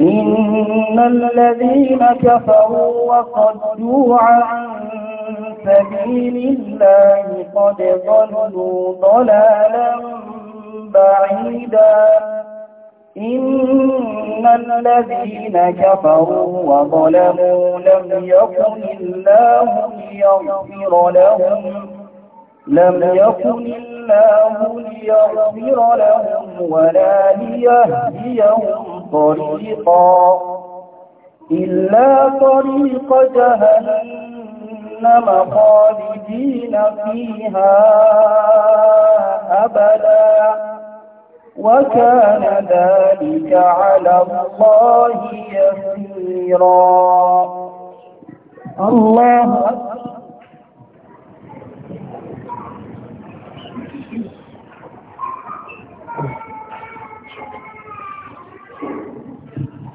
إِنَّ الَّذِينَ كفروا وصدوا عن سبيل الله قد ضلوا ضلالا بعيدا إن الذين كفروا وظلموا لم يكن الله ليغفر لهم لم يكن الله ليغفر لهم ولا ليهديهم طريقا إلا طريق جهنم خالدين فيها أبدا وكان ذلك على الله يسيرا الله أكبر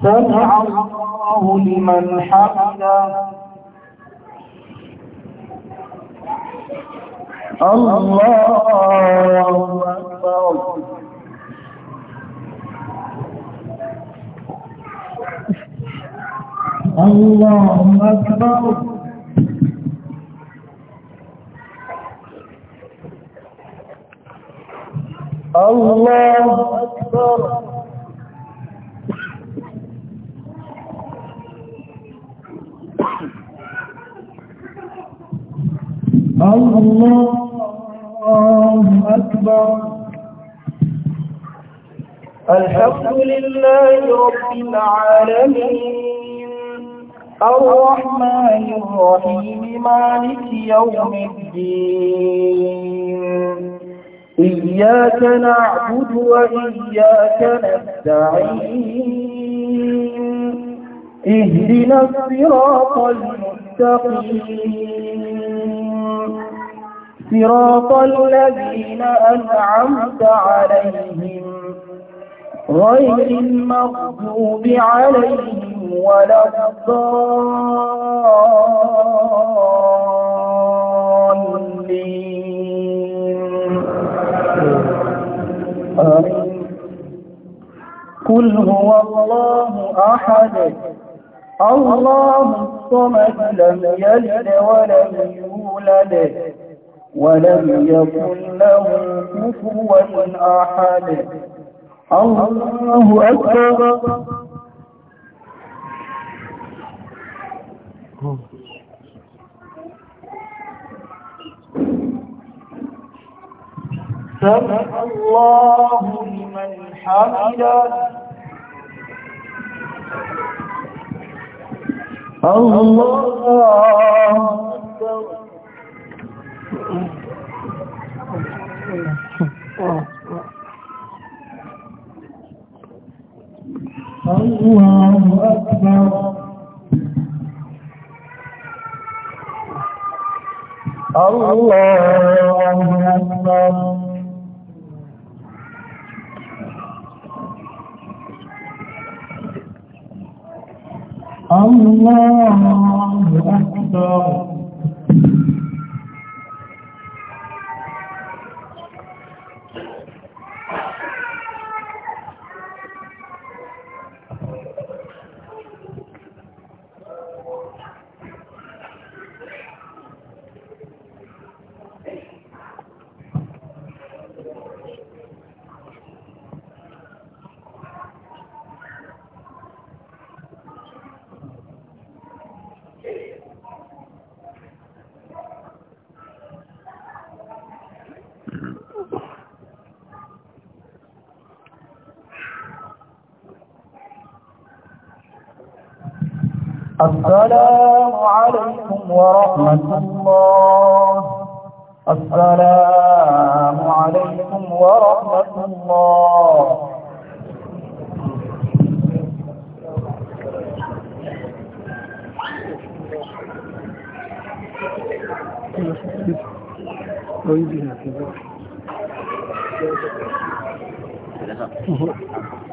سمع الله لمن حمده الله أكبر الله أكبر الله أكبر الله أكبر الحمد لله رب العالمين الرحمن الرحيم مالك يوم الدين إياك نعبد وإياك نستعين اهدنا الصراط المستقيم صراط الذين أنعمت عليهم غير المغضوب عليهم ولا الضالين قل هو الله أحد الله الصمد لم يلد ولم يولد ولم يكن له كفوا أحد الله أكبر سمع الله لمن حمده الله الله أكبر الله أكبر السلام عليكم ورحمة الله السلام عليكم ورحمة الله طيب